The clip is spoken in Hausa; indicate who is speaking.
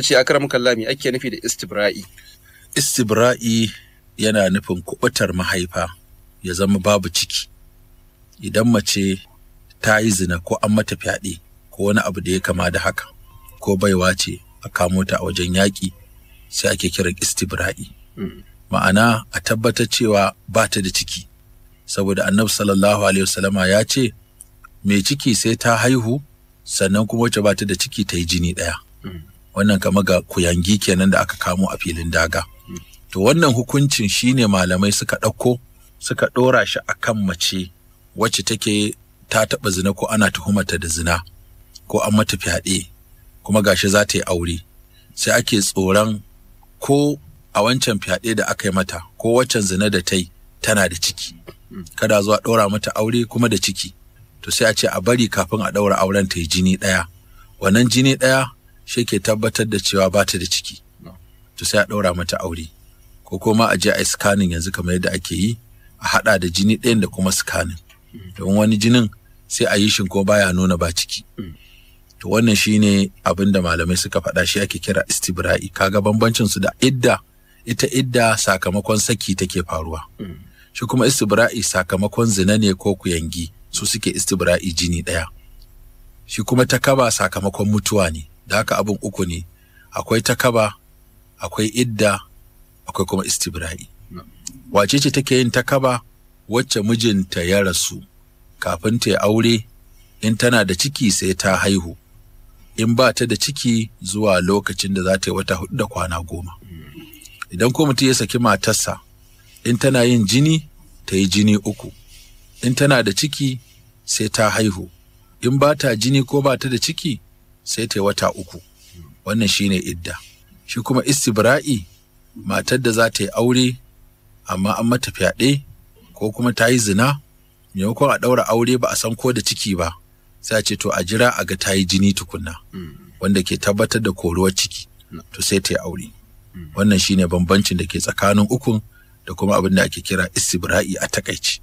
Speaker 1: ta ce akram kallami ake nufi da istibra'i istibra'i yana nufin kubutar mahaifa ya zama babu ciki idan mace ta yi zina ko an mata fyaɗe ko wani abu da ya kama da haka ko baiwa ce a kamo ta a wajen yaƙi sai ake kiran istibra'i ma'ana a tabbatar cewa ba ta da ciki saboda annabi sallallahu alaihi wasallama ya ce mai ciki sai ta haihu sannan kuma wacce ba ta da ciki ta yi jini ɗaya wannan kama ga kuyangi kenan da aka kamo a filin daga to wannan hukuncin shine malamai suka ɗauko suka ɗora shi a kan mace wacce take ta taɓa zina ko ana tuhumata da zina ko an mata fyaɗe kuma gashi za ta yi aure sai ake tsoron ko a wancan fyaɗe da aka yi mata ko waccan zina da ta yi tana da ciki kada zuwa ɗora mata aure kuma da ciki to sai a ce a bari kafin a ɗaura auren ta yi jini ɗaya wannan jini ɗaya shi ke tabbatar da cewa ba ta da ciki to sai a ɗaura mata aure ko kuma a je a yi scanning yanzu kamar yadda ake yi a haɗa da jini ɗayan da kuma scanning mm. don wani jinin sai a yi shi ko baya nuna ba ciki mm. to wannan shine abin da malamai suka faɗa shi ake kira istibra'i kaga bambancin su da idda ita idda sakamakon saki take faruwa mm. shi kuma istibra'i sakamakon zina ne ko kuyangi su suke istibra'i jini ɗaya shi kuma ta kaba sakamakon mutuwa ne da haka abin uku ne akwai takaba akwai idda akwai kuma istibra'i wace ce take yin takaba wacce mijinta ya rasu kafin ta yi aure in tana da ciki sai ta haihu in ba ta da ciki zuwa lokacin da za ta yi wata hudu da kwana goma idan ko mutum ya saki matarsa in tana yin jini ta yi jini uku in tana da ciki sai ta haihu in ba ta jini ko ba ta da ciki sai ta yi wata uku wannan shine idda shi kuma istibra'i matar da za ta yi aure amma an mata fyaɗe ko kuma ta yi zina maimakon a ɗaura aure ba a san ko da ciki ba sai a ce to a jira a ga ta yi jini tukunna wanda ke tabbatar da koruwar ciki to sai ta yi aure wannan shine bambancin da ke tsakanin ukun da kuma abin da ake kira istibra'i a takaici.